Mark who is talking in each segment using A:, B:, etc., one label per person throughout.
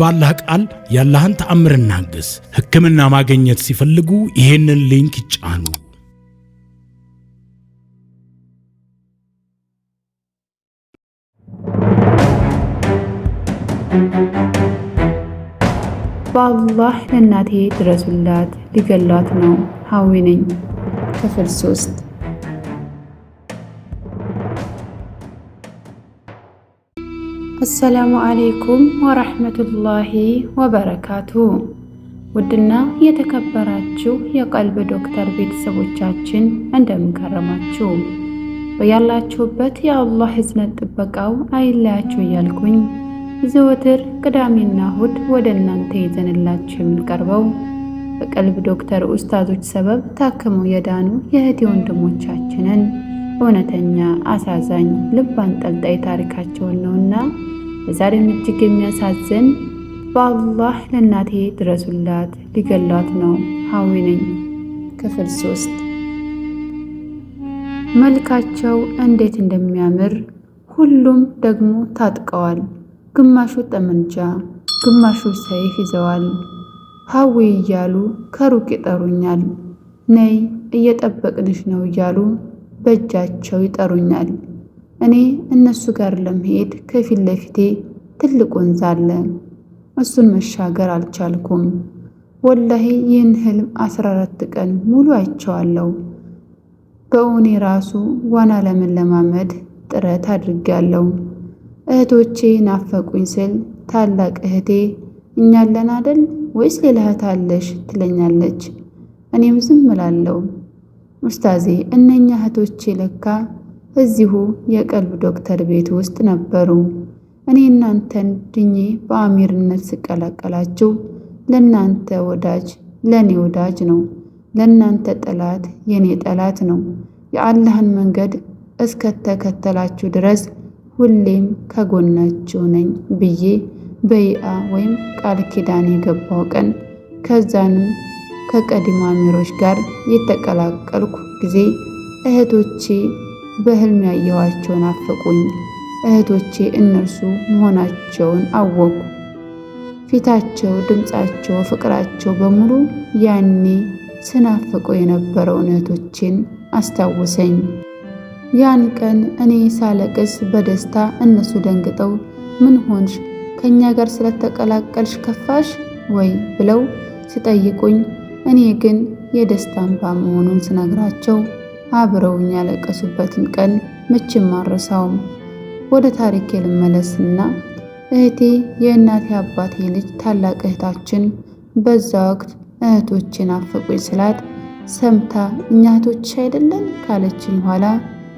A: ባላህ ቃል ያላህን ተአምር እናግስ። ሕክምና ማግኘት ሲፈልጉ ይሄንን ሊንክ ይጫኑ።
B: በአላህ ለእናቴ ድረሱላት፣ ሊገሏት ነው። ሀዊ ነኝ። ክፍል ሶስት አሰላሙ አሌይኩም ወረሕመቱላሂ ወበረካቱ። ውድና የተከበራችሁ የቀልብ ዶክተር ቤተሰቦቻችን እንደምንከረማችሁ በያላችሁበት የአላህ ህዝነት ጥበቃው አይለያችሁ እያልኩኝ ዘወትር ቅዳሜና እሁድ ወደ እናንተ ይዘንላችሁ የምንቀርበው በቀልብ ዶክተር ኡስታዞች ሰበብ ታክመው የዳኑ የእህቴ ወንድሞቻችንን እውነተኛ አሳዛኝ ልብ አንጠልጣይ ታሪካቸውን ነውና በዛሬም እጅግ የሚያሳዝን በአላህ ለእናቴ ድረሱላት፣ ሊገሏት ነው። ሀዊ ነኝ። ክፍል ሶስት መልካቸው እንዴት እንደሚያምር ሁሉም ደግሞ ታጥቀዋል። ግማሹ ጠመንጃ፣ ግማሹ ሰይፍ ይዘዋል። ሀዊ እያሉ ከሩቅ ይጠሩኛል። ነይ እየጠበቅንሽ ነው እያሉ በእጃቸው ይጠሩኛል። እኔ እነሱ ጋር ለመሄድ ከፊት ለፊቴ ትልቅ ወንዝ አለ። እሱን መሻገር አልቻልኩም። ወላሂ ይህን ህልም አስራ አራት ቀን ሙሉ አይቼዋለሁ። በእውኔ ራሱ ዋና ለመለማመድ ጥረት አድርጌያለሁ። እህቶቼ ናፈቁኝ ስል ታላቅ እህቴ እኛለን አደል ወይስ ሌላ እህት አለሽ ትለኛለች። እኔም ዝም እላለሁ። ኡስታዜ እነኛ እህቶቼ ለካ እዚሁ የቀልብ ዶክተር ቤት ውስጥ ነበሩ። እኔ እናንተን ድኜ በአሚርነት ስቀላቀላችሁ ለእናንተ ወዳጅ ለእኔ ወዳጅ ነው፣ ለእናንተ ጠላት የእኔ ጠላት ነው። የአላህን መንገድ እስከተከተላችሁ ድረስ ሁሌም ከጎናችሁ ነኝ ብዬ በይአ ወይም ቃል ኪዳን የገባው ቀን ከዛንም ከቀድሞ አሚሮች ጋር የተቀላቀልኩ ጊዜ እህቶቼ በህልም ያየኋቸውን አፈቁኝ። እህቶቼ እነርሱ መሆናቸውን አወቁ። ፊታቸው፣ ድምፃቸው፣ ፍቅራቸው በሙሉ ያኔ ስናፍቀው የነበረውን እህቶቼን አስታወሰኝ። ያን ቀን እኔ ሳለቅስ በደስታ እነሱ ደንግጠው ምን ሆንሽ ከእኛ ጋር ስለተቀላቀልሽ ከፋሽ ወይ ብለው ሲጠይቁኝ እኔ ግን የደስታ እንባ መሆኑን ስነግራቸው አብረውኝ ያለቀሱበትን ቀን መቼም አረሳውም። ወደ ታሪክ ልመለስና እህቴ የእናቴ አባቴ ልጅ ታላቅ እህታችን በዛ ወቅት እህቶችን አፈቁኝ ስላት ሰምታ እኛቶች አይደለን ካለችኝ በኋላ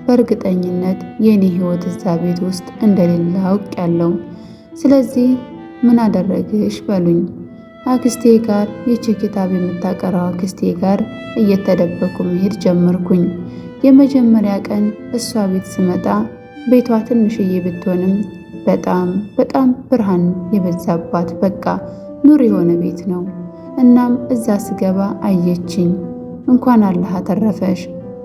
B: በእርግጠኝነት የኔ ህይወት እዛ ቤት ውስጥ እንደሌለ አውቅ ያለው። ስለዚህ ምን አደረግሽ በሉኝ። አክስቴ ጋር ይቺ ኪታብ የምታቀራው አክስቴ ጋር እየተደበኩ መሄድ ጀመርኩኝ። የመጀመሪያ ቀን እሷ ቤት ስመጣ ቤቷ ትንሽዬ ብትሆንም በጣም በጣም ብርሃን የበዛባት በቃ ኑር የሆነ ቤት ነው። እናም እዛ ስገባ አየችኝ። እንኳን አላህ አተረፈሽ፣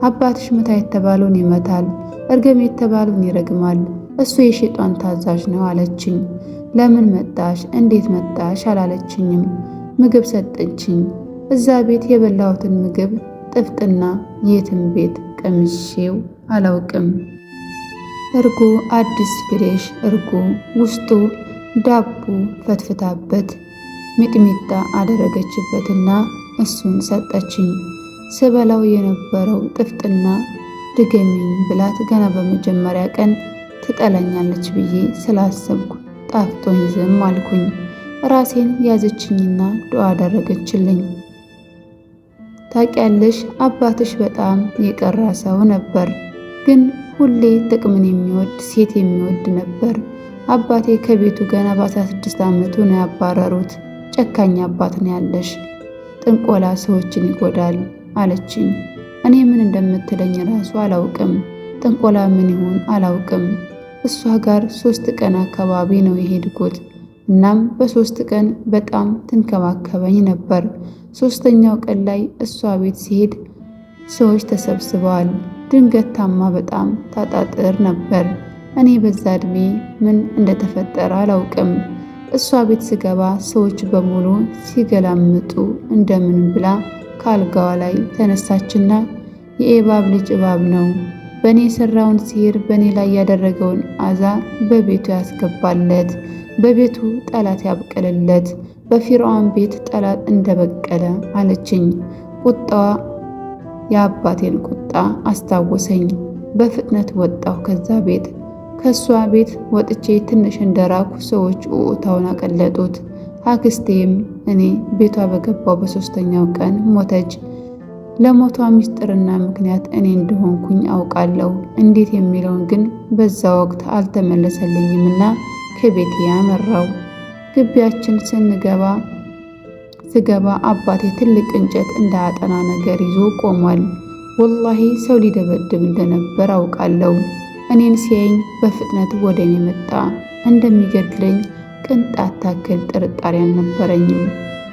B: አባትሽ ምታ የተባለውን ይመታል፣ እርገም የተባለውን ይረግማል፣ እሱ የሸጧን ታዛዥ ነው አለችኝ። ለምን መጣሽ እንዴት መጣሽ አላለችኝም። ምግብ ሰጠችኝ። እዛ ቤት የበላሁትን ምግብ ጥፍጥና የትም ቤት ቀምሼው አላውቅም። እርጎ አዲስ ፍሬሽ እርጎ ውስጡ ዳቦ ፈትፍታበት ሚጥሚጣ አደረገችበትና እሱን ሰጠችኝ። ስበላው የነበረው ጥፍጥና ድገሚኝ ብላት ገና በመጀመሪያ ቀን ትጠላኛለች ብዬ ስላሰብኩ ጣፍቶኝ ዝም አልኩኝ። ራሴን ያዘችኝና ዱዓ አደረገችልኝ። ታውቂያለሽ አባትሽ በጣም የቀራ ሰው ነበር፣ ግን ሁሌ ጥቅምን የሚወድ ሴት የሚወድ ነበር። አባቴ ከቤቱ ገና በ16 ዓመቱ ነው ያባረሩት። ጨካኝ አባት ነው ያለሽ። ጥንቆላ ሰዎችን ይጎዳል አለችኝ። እኔ ምን እንደምትለኝ ራሱ አላውቅም። ጥንቆላ ምን ይሆን አላውቅም። እሷ ጋር ሶስት ቀን አካባቢ ነው የሄድኩት። እናም በሶስት ቀን በጣም ትንከባከበኝ ነበር። ሶስተኛው ቀን ላይ እሷ ቤት ሲሄድ ሰዎች ተሰብስበዋል። ድንገት ታማ በጣም ታጣጥር ነበር። እኔ በዛ እድሜ ምን እንደተፈጠረ አላውቅም። እሷ ቤት ስገባ ሰዎች በሙሉ ሲገላምጡ እንደምን ብላ ከአልጋዋ ላይ ተነሳችና የእባብ ልጅ እባብ ነው በእኔ የሰራውን ሲር በእኔ ላይ ያደረገውን አዛ በቤቱ ያስገባለት፣ በቤቱ ጠላት ያብቀልለት፣ በፊርዖን ቤት ጠላት እንደበቀለ አለችኝ። ቁጣዋ የአባቴን ቁጣ አስታወሰኝ። በፍጥነት ወጣሁ ከዛ ቤት። ከሷ ቤት ወጥቼ ትንሽ እንደራኩ ሰዎች ውዑታውን አቀለጡት። አክስቴም እኔ ቤቷ በገባው በሶስተኛው ቀን ሞተች። ለሞቷ ምስጢርና ምክንያት እኔ እንደሆንኩኝ አውቃለሁ። እንዴት የሚለውን ግን በዛ ወቅት አልተመለሰልኝምና ከቤት ያመራው። ግቢያችን ስንገባ ስገባ አባቴ ትልቅ እንጨት እንደ አጠና ነገር ይዞ ቆሟል። ወላሂ ሰው ሊደበድብ እንደነበር አውቃለሁ። እኔን ሲያየኝ በፍጥነት ወደ እኔ መጣ። እንደሚገድለኝ ቅንጣት ታክል ጥርጣሬ አልነበረኝም።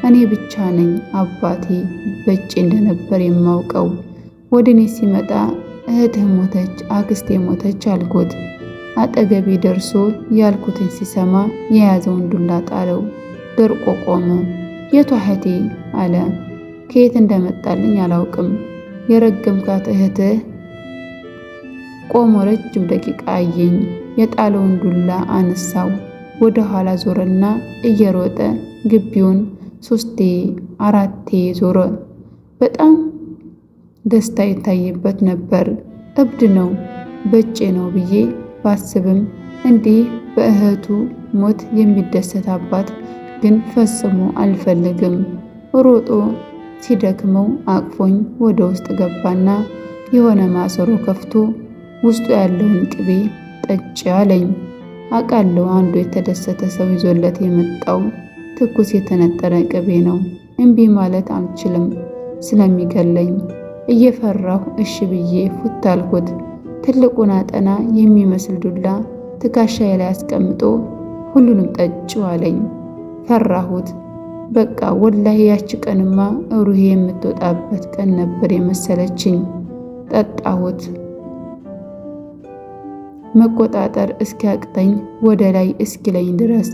B: እኔ ብቻ ነኝ አባቴ በጭ እንደነበር የማውቀው። ወደ እኔ ሲመጣ እህትህ ሞተች፣ አክስቴ ሞተች አልኩት። አጠገቤ ደርሶ ያልኩትን ሲሰማ የያዘውን ዱላ ጣለው። ደርቆ ቆመ። የቷ እህቴ አለ። ከየት እንደመጣልኝ አላውቅም። የረገምካት እህትህ። ቆሞ ረጅም ደቂቃ አየኝ። የጣለውን ዱላ አነሳው። ወደ ኋላ ዞረና እየሮጠ ግቢውን ሶስቴ አራቴ ዞረ። በጣም ደስታ ይታይበት ነበር። እብድ ነው በጬ ነው ብዬ ባስብም እንዲህ በእህቱ ሞት የሚደሰት አባት ግን ፈጽሞ አልፈልግም። ሮጦ ሲደክመው አቅፎኝ ወደ ውስጥ ገባና የሆነ ማሰሮ ከፍቶ ውስጡ ያለውን ቅቤ ጠጪ አለኝ። አቃለው አንዱ የተደሰተ ሰው ይዞለት የመጣው ትኩስ የተነጠረ ቅቤ ነው። እምቢ ማለት አልችልም ስለሚገለኝ እየፈራሁ እሺ ብዬ ፉት አልኩት። ትልቁን አጠና የሚመስል ዱላ ትከሻዬ ላይ አስቀምጦ ሁሉንም ጠጭው አለኝ። ፈራሁት። በቃ ወላሂ ያቺ ቀንማ ሩሄ የምትወጣበት ቀን ነበር የመሰለችኝ። ጠጣሁት። መቆጣጠር እስኪያቅተኝ ወደ ላይ እስኪለኝ ድረስ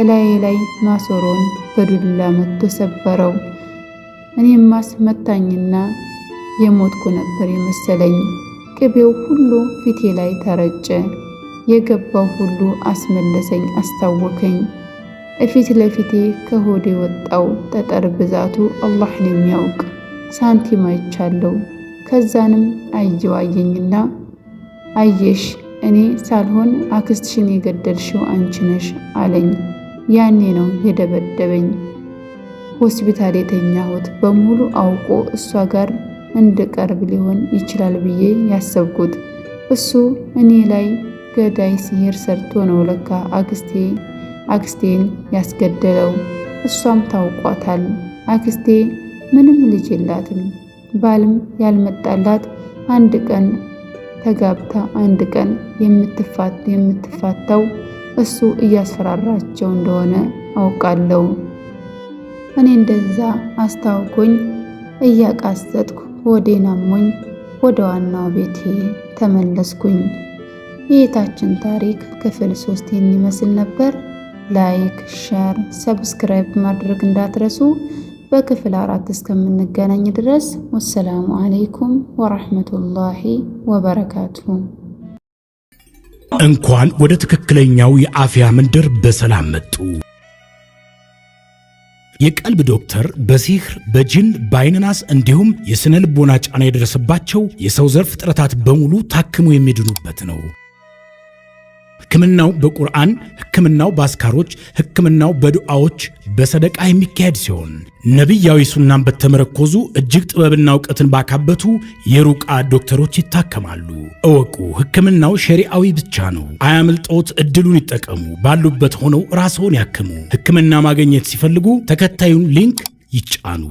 B: እላዬ ላይ ማሰሮን በዱላ መቶ ሰበረው። እኔም ማስመታኝና የሞትኩ ነበር የመሰለኝ። ቅቤው ሁሉ ፊቴ ላይ ተረጨ። የገባው ሁሉ አስመለሰኝ አስታወከኝ። እፊት ለፊቴ ከሆዴ ወጣው ጠጠር ብዛቱ አላህ የሚያውቅ ሳንቲም አይቻለሁ። ከዛንም አየው አየኝና አየሽ እኔ ሳልሆን አክስትሽን የገደልሽው አንቺ ነሽ አለኝ። ያኔ ነው የደበደበኝ። ሆስፒታል የተኛሁት በሙሉ አውቆ እሷ ጋር እንድቀርብ ሊሆን ይችላል ብዬ ያሰብኩት እሱ እኔ ላይ ገዳይ ሲሄር ሰርቶ ነው ለካ አክስቴ አክስቴን ያስገደለው። እሷም ታውቋታል። አክስቴ ምንም ልጅ የላትም። ባልም ያልመጣላት አንድ ቀን ተጋብታ አንድ ቀን የምትፋታው እሱ እያስፈራራቸው እንደሆነ አውቃለሁ። እኔ እንደዛ አስታውኩኝ እያቃሰጥኩ ሆዴን አሞኝ ወደ ዋናው ቤቴ ተመለስኩኝ። የየታችን ታሪክ ክፍል ሶስት ይህን ይመስል ነበር። ላይክ፣ ሸር፣ ሰብስክራይብ ማድረግ እንዳትረሱ። በክፍል አራት እስከምንገናኝ ድረስ ወሰላሙ አሌይኩም ወራህመቱላሂ ወበረካቱሁ።
A: እንኳን ወደ ትክክለኛው የአፍያ መንደር በሰላም መጡ። የቀልብ ዶክተር በሲህር በጅን በአይነናስ እንዲሁም የስነ ልቦና ጫና የደረሰባቸው የሰው ዘርፍ ፍጥረታት በሙሉ ታክሞ የሚድኑበት ነው። ህክምናው በቁርአን፣ ህክምናው በአስካሮች፣ ህክምናው በዱዓዎች፣ በሰደቃ የሚካሄድ ሲሆን ነቢያዊ ሱናን በተመረኮዙ እጅግ ጥበብና እውቀትን ባካበቱ የሩቃ ዶክተሮች ይታከማሉ። እወቁ፣ ህክምናው ሸሪአዊ ብቻ ነው። አያምልጦት፣ እድሉን ይጠቀሙ። ባሉበት ሆነው ራስዎን ያክሙ። ህክምና ማግኘት ሲፈልጉ ተከታዩን ሊንክ ይጫኑ።